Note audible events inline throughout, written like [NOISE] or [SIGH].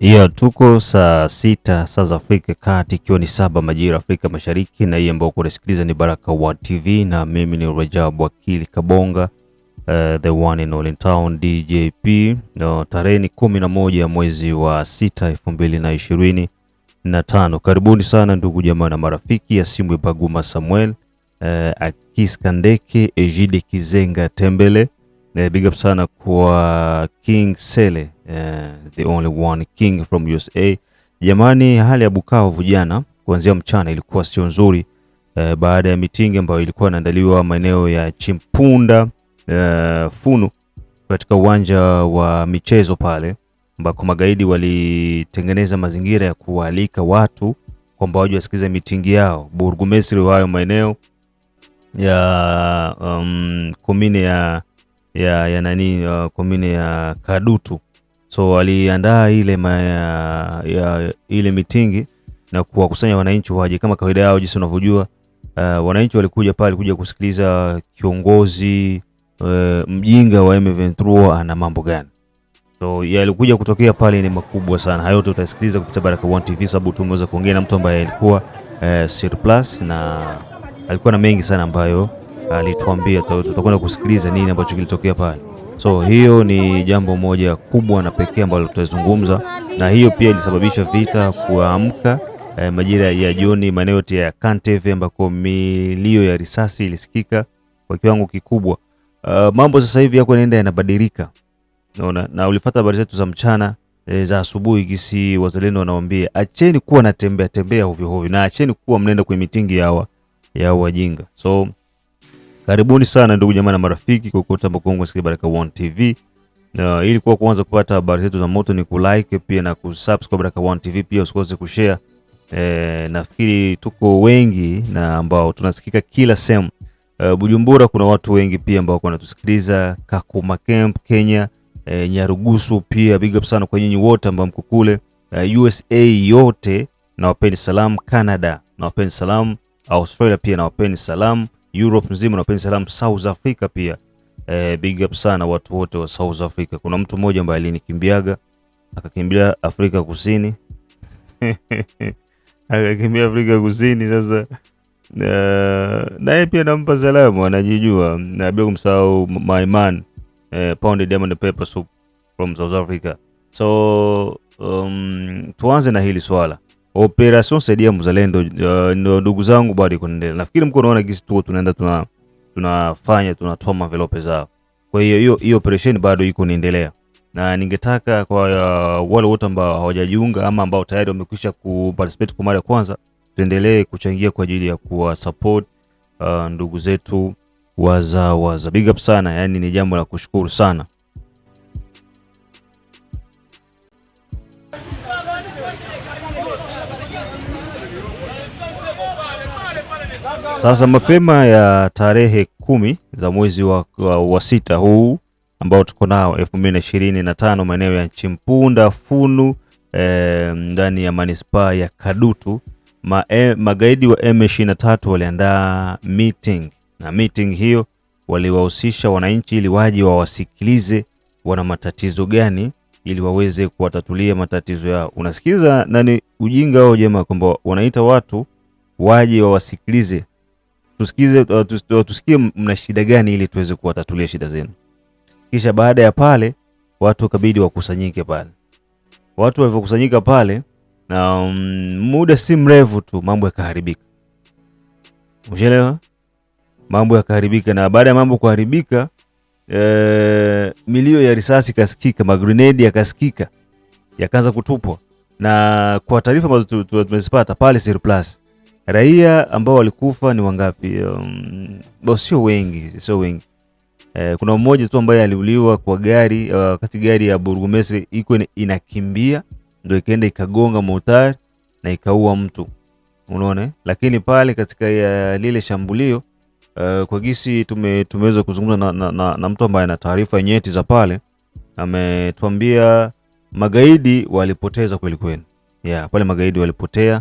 Hiyo tuko saa sita saa za Afrika Kati, ikiwa ni saba majira Afrika Mashariki, na hii ambao kunasikiliza ni Baraka One TV na mimi ni Rajab Wakili Kabonga, uh, the one in all in town DJP. No, tarehe ni kumi na moja mwezi wa sita elfu mbili na ishirini na tano. Karibuni sana ndugu jamaa na marafiki. ya Baguma Samuel, uh, eh, Akis Kandeke, Ejide Kizenga Tembele Uh, big up sana kwa King Sele uh, the only one king from USA. Jamani, hali ya Bukavu jana kuanzia mchana ilikuwa sio nzuri uh, baada ya mitingi ambayo ilikuwa inaandaliwa maeneo ya Chimpunda uh, Funu katika uwanja wa michezo pale ambako magaidi walitengeneza mazingira ya kuwaalika watu kwamba waje wasikize mitingi yao. Burgumesri wa hayo maeneo ya um, komine ya ya, ya nani ya komine ya Kadutu. So waliandaa ile, ma, ya, ya, ile mitingi na kuwakusanya wananchi waje kama kawaida yao jinsi unavyojua. Uh, wananchi walikuja pale kuja kusikiliza kiongozi uh, mjinga wa M23 ana mambo gani. So yalikuja kutokea pale ni makubwa sana. Hayo yote utasikiliza kupitia Baraka One TV, sababu tumeweza kuongea na mtu ambaye alikuwa uh, surplus na alikuwa na mengi sana ambayo alituambia tutakwenda kusikiliza nini ambacho kilitokea pale. So hiyo ni jambo moja kubwa na pekee ambalo tutazungumza, na hiyo pia ilisababisha vita kuamka eh, majira ya jioni maeneo yote ya Kanteve ambako milio ya risasi ilisikika kwa kiwango kikubwa. Uh, mambo sasa hivi yako yanaenda yanabadilika, unaona, na ulifuata habari zetu za mchana e, za asubuhi gisi wazalendo wanawaambia acheni kuwa natembea tembea hovyo hovyo na acheni kuwa mnaenda kwenye mitingi ya hawa ya wajinga so Karibuni sana ndugu jamaa na marafiki kokote ambako mnasikia Baraka One TV. Na uh, ili kwa kuanza kupata habari zetu za moto ni kulike pia na kusubscribe Baraka One TV, pia usikose kushare. Eh, nafikiri tuko wengi na ambao tunasikika kila sehemu. Uh, Bujumbura kuna watu wengi pia ambao wanatusikiliza, Kakuma Camp Kenya, eh, Nyarugusu pia big up sana kwa nyinyi wote ambao mko kule. Uh, e, USA yote nawapeni salamu, Canada nawapeni salamu, Australia pia nawapeni salamu. Europe nzima na penzi salamu South Africa pia. E, big up sana watu wote wa South Africa. Kuna mtu mmoja ambaye alinikimbiaga akakimbia Afrika Kusini [LAUGHS] akakimbia Afrika Kusini. Sasa eh, naye pia nampa salamu, anajijua na bila kumsahau my man eh, Pound Diamond Pepper Soup from South Africa. So um, tuanze na hili swala Operation Saidia Mzalendo, uh, ndugu zangu bado kuendelea. Nafikiri mko unaona gisi tu tunaenda tuna tunafanya tunatoa mavelope zao. Kwa hiyo hiyo hiyo operation bado iko inaendelea, na ningetaka kwa uh, wale wote ambao hawajajiunga ama ambao tayari wamekwisha ku participate kwa mara ya kwanza, tuendelee kuchangia kwa ajili ya kuwa support uh, ndugu zetu wazawaza. Big up sana, yani ni jambo la kushukuru sana. Sasa mapema ya tarehe kumi za mwezi wa, wa, wa sita huu ambao tuko nao 2025 maeneo ya Chimpunda Funu e, ndani ya manispaa ya Kadutu ma, e, magaidi wa M23 waliandaa meeting na meeting hiyo waliwahusisha wananchi ili waje wawasikilize wana matatizo gani ili waweze kuwatatulia matatizo yao. Unasikiza nani ujinga wao jema kwamba wanaita watu waje wawasikilize tusikize uh, uh, tusikie mna shida gani ili tuweze kuwatatulia shida zenu. Kisha baada ya pale watu kabidi wakusanyike pale. Watu walivyokusanyika pale na um, muda si mrefu tu mambo yakaharibika. Umeelewa? Mambo yakaharibika, na baada ya mambo kuharibika e, milio ya risasi kasikika, magrenade yakasikika, yakaanza kutupwa, na kwa taarifa ambazo tumezipata pale surplus Raia ambao walikufa ni wangapi? Um, sio wengi, sio wengi. E, kuna mmoja tu ambaye aliuliwa kwa gari uh, wakati uh, gari ya burgomestre iko inakimbia ndio ikaenda ikagonga motari na ikaua mtu, unaona. Eh? Lakini pale katika ya lile shambulio uh, kwa gisi tume, tumeweza kuzungumza na, na, na, na mtu ambaye ana taarifa nyeti za pale, ametuambia magaidi walipoteza kweli kweli, yeah, pale magaidi walipotea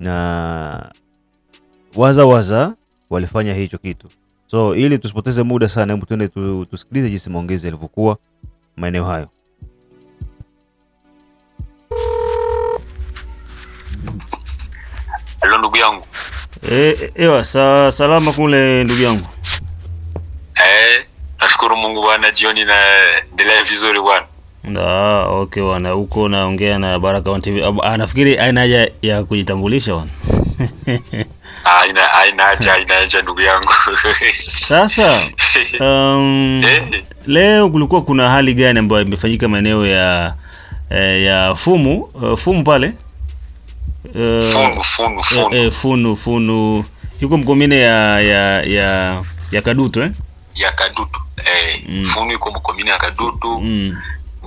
na waza waza walifanya hicho kitu. So ili tusipoteze muda sana, hebu tuende tusikilize jinsi maongezi yalivyokuwa maeneo hayo. Halo ndugu yangu. Eh, ewa sa, salama kule ndugu yangu. Eh, nashukuru Mungu bwana, jioni na endelea vizuri bwana. Da, okay bwana, huko naongea na Baraka One TV. Anafikiri ah, aina haja ya kujitambulisha bwana. [LAUGHS] aina aina haja aina haja ndugu yangu [LAUGHS] sasa [LAUGHS] um, eh? leo kulikuwa kuna hali gani ambayo imefanyika maeneo ya eh, ya fumu eh, fumu pale uh, funu funu funu, eh, eh, funu, funu. yuko mkomine ya ya ya ya kadutu eh? ya kadutu eh, mm. funu yuko mkomine ya kadutu mm.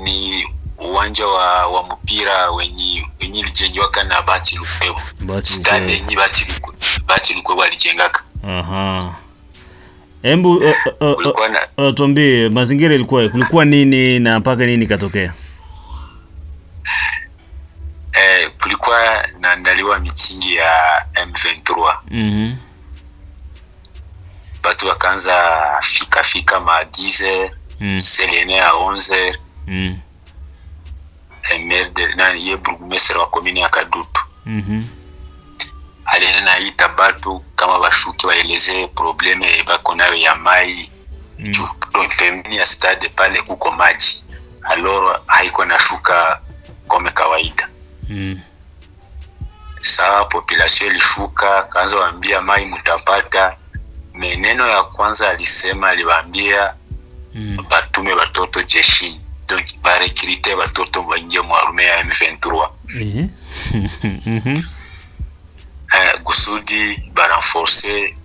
ni uwanja wa, wa mpira wenye wenye ilijengiwaka na bati lukwebo stade yenye bati bati lukwebo alijengaka aha Embu uh, uh, uh, uh, tuambie mazingira ilikuwa kulikuwa nini na mpaka nini katokea? Eh, kulikuwa naandaliwa mitingi ya M23. Mhm. Batu wakaanza fika fika maadize 10 mm. selene ya 11 mm maire de nani ye burugumestre wa komini ya Kadutu mm -hmm. alienda naita batu kama bashuke waeleze probleme bako nayo ya mai mm -hmm. donc pembeni ya stade pale kuko maji aloro haiko nashuka kome kawaida mm -hmm. Saa population ilishuka, kaanza waambia mai mutapata. Meneno ya kwanza alisema aliwaambia mm. -hmm. batume batoto jeshini donc ba barekrite watoto waingie mwarume ya M23 eh? mm -hmm. uh, eh, kusudi baranforce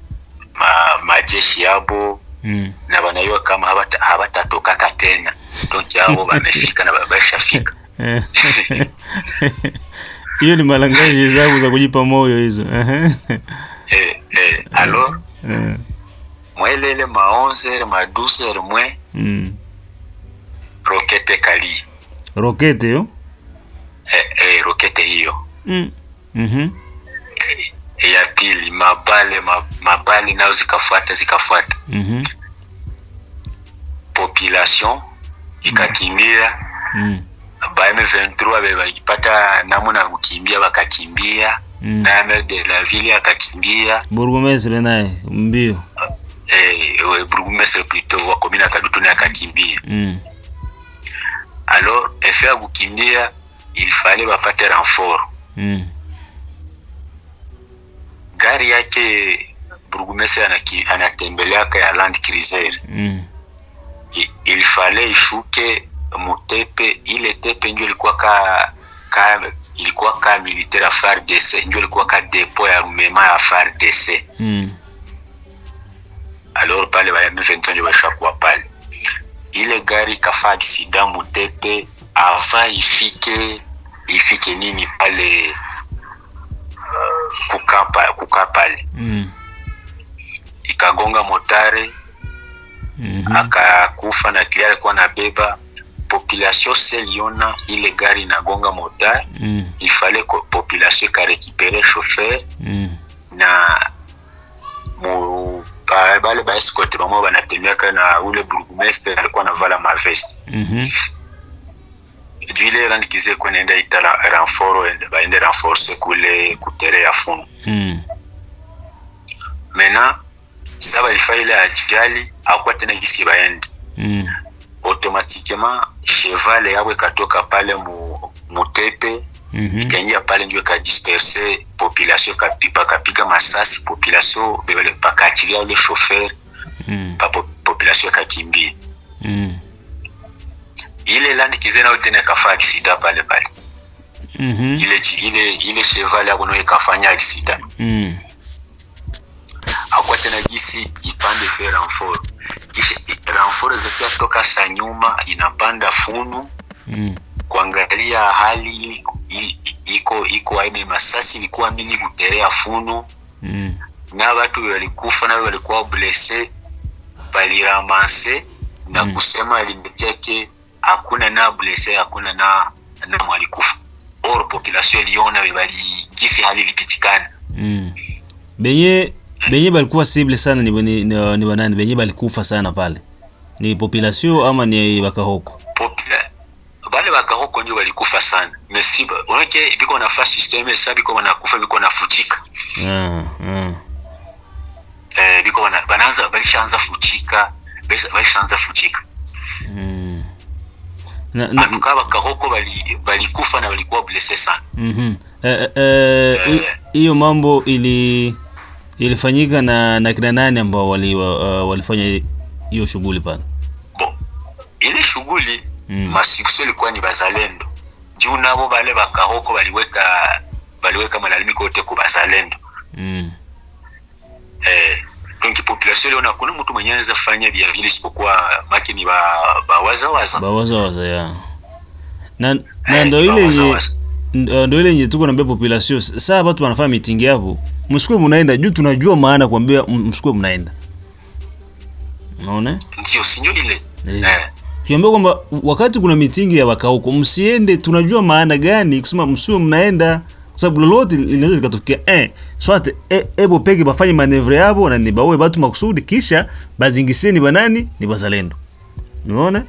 ma, majeshi yabo mm. na banayo kama habata habata tena donc hao wamefika [LAUGHS] na wameshafika eh. [LAUGHS] hiyo ni malangaji zangu za kujipa moyo hizo [LAUGHS] eh, eh, alo mwelele maonze maduse mwe mm rokete kali rokete yo eh, eh, rokete hiyo mm. mm -hmm. eh, ya pili mabale mabale nao zikafuata zikafuata mm -hmm. population ikakimbia mm. ba M23 bebakipata namuna kukimbia bakakimbia mm. na maire de la ville akakimbia burgomestre naye mbio eh, eh burgomestre plutôt wa komina Kadutu naye akakimbia mm alors efe ya kukimbia ilifale bapate renfort mm. gari yake burgumese anatembeleaka ya land cruiser mm. ilifale ishuke mutepe ile tepe njo ilikuwa ka, ka ilikuwa ka militaire ya FARDC njo ilikuwa ka depo ya rumema ya FARDC mm. alors pale ba M23 njo bashakuwa pale ile gari ikafanya aksida mutete afa ifike ifike nini pale uh, kukaa kuka pale mm. ikagonga motare mm -hmm. akakufa na kile alikuwa nabeba population seliona ile gari inagonga motare mm. ifale population ikarekipere chauffeur mm. na ba, bale ba escort bamo banatembeka na ule burgmestre alikuwa navala mavesti mm -hmm. juu ile randikize ko nenda itala renfort baende renforce kule kutere ya funu mm. mena sa balifa ile ajali akuwa tena gisi baende mm. automatiquement cheval yabwe katoka pale mu, mutepe Mm -hmm. Ikaingia pale ndio ikadisperse population, kapipa masasi population, pakaachilia ule shofer mm. pa mhm. population kakimbia mm. ile land kizena yote na kafa aksida pale pale mm -hmm. ile ile ile cheval yako nayo ikafanya e aksida mm. akwa tena gisi ipande fe renfort, kisha renfort zote toka sa nyuma inapanda funu mm. kuangalia hali iko iko aina ya masasi ilikuwa mingi kutelea funu mm. na watu walikufa nao walikuwa blesse baliramase na mm. kusema limejake hakuna na blesse hakuna na na walikufa or population iliona bali kisi hali lipitikana mm. benye benye balikuwa sible sana ni, ni, ni, ni wanani benye balikufa sana pale ni population ama ni bakahoko Popula, bale baka wagonjwa walikufa sana mesiba wanake ilikuwa nafaa system hesabu kwa wanakufa ilikuwa nafutika mm, mm. eh biko wana, wanaanza walishaanza futika walishaanza futika mm. na, na tukawa kahoko bali balikufa na walikuwa blese sana mhm eh, eh, eh, eh. hiyo eh, mambo ili ilifanyika na na kina nani ambao wali, uh, walifanya hiyo shughuli pale ile shughuli mm. Masiku ilikuwa ni bazalendo juu nabo bale bakahoko baliweka baliweka malalamiko yote ku bazalendo mm. Eh, donc population leo kuna mtu mwenye anaweza fanya bia vile isipokuwa maki ni ba bawaza waza bawaza waza ya na na eh, ndo ile yenye ndio ile yenye tuko naambia population saa watu wanafanya meeting hapo, msikuwe mnaenda juu, tunajua maana kuambia msikuwe mnaenda, unaona, ndio sinyo ile eh, eh tukiambia kwamba wakati kuna mitingi ya waka huko, msiende. Tunajua maana gani kusema msiwe mnaenda, kwa sababu lolote linaweza likatokea. Eh, swate eh, ebo peke bafanye manevre yabo na nibaoe batu makusudi, kisha bazingisie ni banani ni bazalendo. Unaona?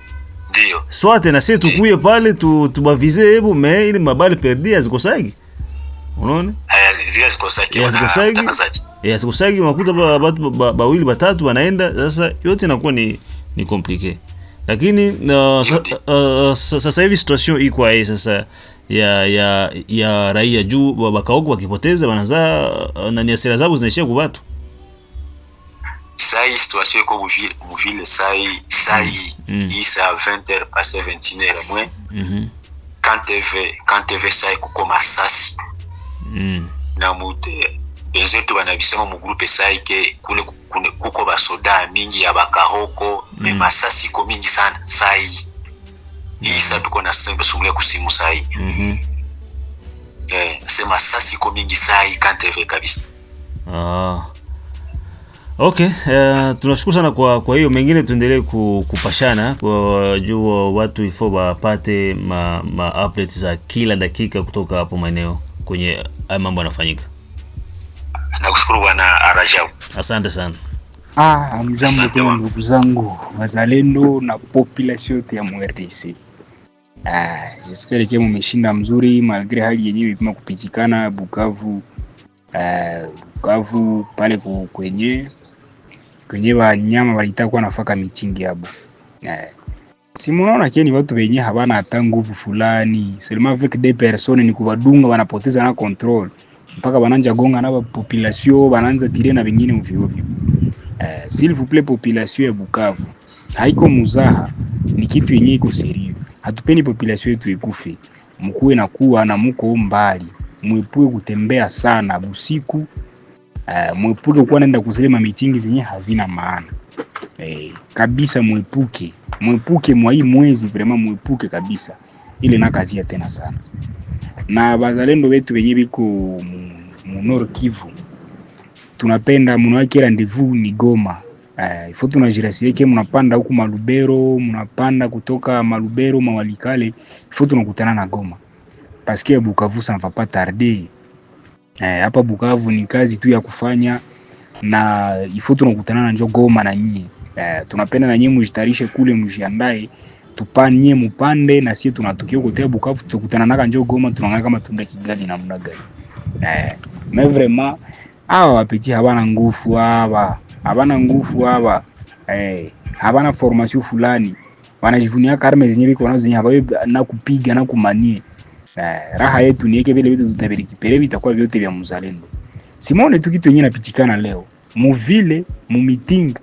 Ndio. Swate na sisi tukuye pale tu tubavize ebo me ile mabali perdi azikosagi. Unaona? Eh, Eh, Azikosagi makuta eh, batu bawili batatu wanaenda, sasa yote inakuwa ni ni complicated lakini uh, uh, uh, sasa hivi situation iko hii sasa ya ya ya raia juu bakaoko wakipoteza wanazaa uh, nani asira zabo zinaishia ku watu sai situation iko muvile muvile sai sai mm. isa 20h passe 21h mwe mm -hmm. quand tv quand tv sai kuko masasi mm. na mute benzetu banabisema mu groupe saike kule kuko basoda mingi ya bakahoko mm. masasi ko mingi sana sai mm. sasa tuko na sungule kusimu sai mm -hmm. eh, sema sasi ko mingi sai kanteve kabisa ah. Okay, uh, tunashukuru sana kwa kwa hiyo mengine tuendelee kupashana kwa juu watu ifo wapate ma, ma updates za kila dakika kutoka hapo maeneo kwenye mambo yanafanyika. Nakushukuru bwana Arajabu. asante sana. Ah, mjambo tena ndugu zangu wazalendo na population yote ya MRDC. Ah, espere ke mumeshinda mzuri malgre hali yenyewe ipima kupitikana Bukavu. Uh, Bukavu pale kwenye kwenye wanyama walitaka kuwa nafaka mitingi hapo. ah. Si munaona kieni watu wenye habana hata nguvu fulani. selma avec des personnes ni kuwadunga wanapoteza na control mpaka bananja gonga na population bananza tire na bengine ovyo ovyo. Uh, s'il vous plaît population ya Bukavu haiko muzaha, ni kitu yenye iko serio. Hatupeni population yetu ikufe, mkuwe na kuwa na muko mbali, mwepue kutembea sana busiku Uh, eh, mwepuke kuwa naenda kusema mitingi zenye hazina maana eh, kabisa mwepuke, mwepuke mwa hii mwezi vraiment, mwepuke kabisa, ile na kazi ya tena sana na bazalendo betu benye biko mu Nord Kivu tunapenda munawake randevu ni Goma. Uh, ifo tunajirasireke munapanda huku Malubero, munapanda kutoka Malubero Mawalikale, ifo tunakutana na Goma paske ya Bukavu ça ne va eh, Hapa uh, Bukavu ni kazi tu ya kufanya na ifo tunakutana na njo Goma na nyie. Uh, tunapenda na nyie mujitarishe kule, mujiandae tupanie mupande na sisi tunatukia kote Bukavu tukutana naka njoo Goma, tunaona kama tunda Kigali na mna gari eh. Mais vraiment hawa wapiti hawana nguvu hawa hawana nguvu hawa eh, hawana formation fulani wanajivunia karma zenye biko nazo zenye hawa na kupiga na kumanie eh, raha yetu ni yake vile vitu tutabiliki pele vitakuwa vyote vya muzalendo. Simone tu kitu yenyewe napitikana leo muvile mumiting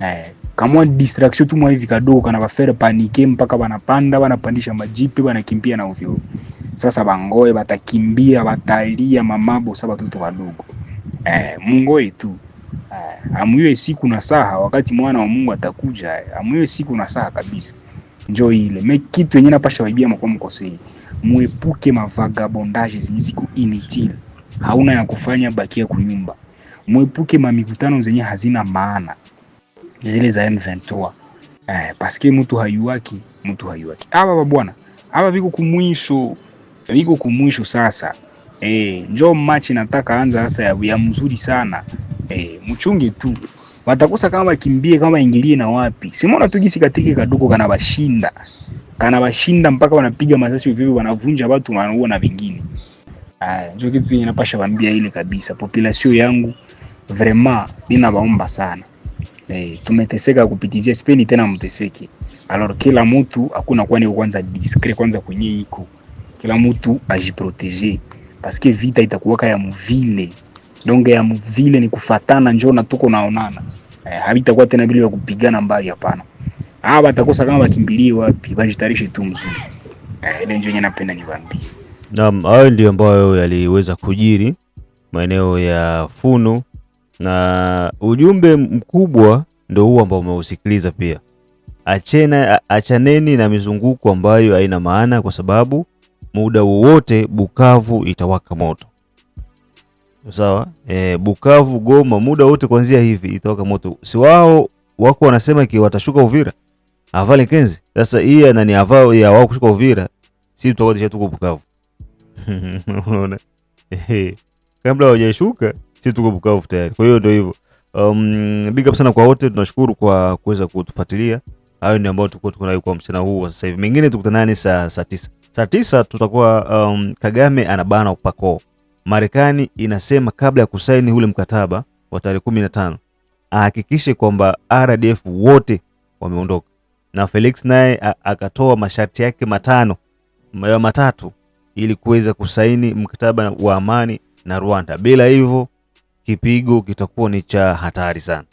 eh kama distraction tu mwa hivi kadogo kana bafere panike mpaka banapanda banapandisha majipe banakimbia na ovyo Sasa bangoe batakimbia batalia mamabo saba watoto wadogo eh, mungoe tu eh, amuyo siku na saha, wakati mwana wa Mungu atakuja eh, amuyo siku na saha kabisa. Njoo ile me kitu yenyewe napasha waibia mko mkosei, muepuke mavagabondage ziliziko inutile, hauna ya kufanya bakia kunyumba, muepuke mamikutano zenye hazina maana zile za M23 eh, paske mtu hayuaki, mtu hayuwaki aba bwana, aba viko kumwisho, viko kumwisho sasa eh, njo machi nataka anza sasa ya, ya mzuri sana eh, mchunge tu watakosa kama wakimbie kama ingilie na wapi, simona tu gisi katiki kaduko kana bashinda kana bashinda mpaka wanapiga masasi vivi, wanavunja watu wanaua na vingine. Ah, njo kitu kinapasha kwambia ile kabisa population yangu, vraiment ninawaomba sana Eh, tumeteseka kupitizia, sipendi tena mteseke. Alors kila mtu hakuna kwani kwanza discret kwanza kwenye iko. Kila mtu ajiprotege parce que vita itakuwa ya mvile. Donge ya mvile ni kufatana njoo na tuko naonana. Eh, habitakuwa tena bila kupigana mbali hapana. Hawa watakosa kama wakimbilie wapi, bajitarishe tu mzuri. Eh, ile njoo napenda niwaambie. Naam, hayo ndio ambayo yaliweza kujiri maeneo ya Funu na ujumbe mkubwa ndo huu ambao umeusikiliza pia. Achena, achaneni na mizunguko ambayo haina maana, kwa sababu muda wowote Bukavu itawaka moto. Sawa e, Bukavu, Goma, muda wote kuanzia hivi itawaka moto. Si wao wako wanasema ki watashuka Uvira avale kenzi. Sasa hii na avao ya wao kushuka Uvira, si tutakuwa tuko Bukavu [LAUGHS] kabla hawajashuka sisi tuko Bukavu tayari. Kwa hiyo ndio hivyo. Um, big up sana kwa wote, tunashukuru kwa kuweza kutufuatilia. Hayo ndio ambayo tulikuwa tuko nayo kwa mchana huu wa sasa hivi. Mengine tukutanani saa saa tisa. Saa tisa tutakuwa um, Kagame anabana upako. Marekani inasema kabla ya kusaini ule mkataba wa tarehe 15 ahakikishe kwamba RDF wote wameondoka. Na Felix naye akatoa masharti yake matano matatu ili kuweza kusaini mkataba wa amani na Rwanda. Bila hivyo kipigo kitakuwa ni cha hatari sana.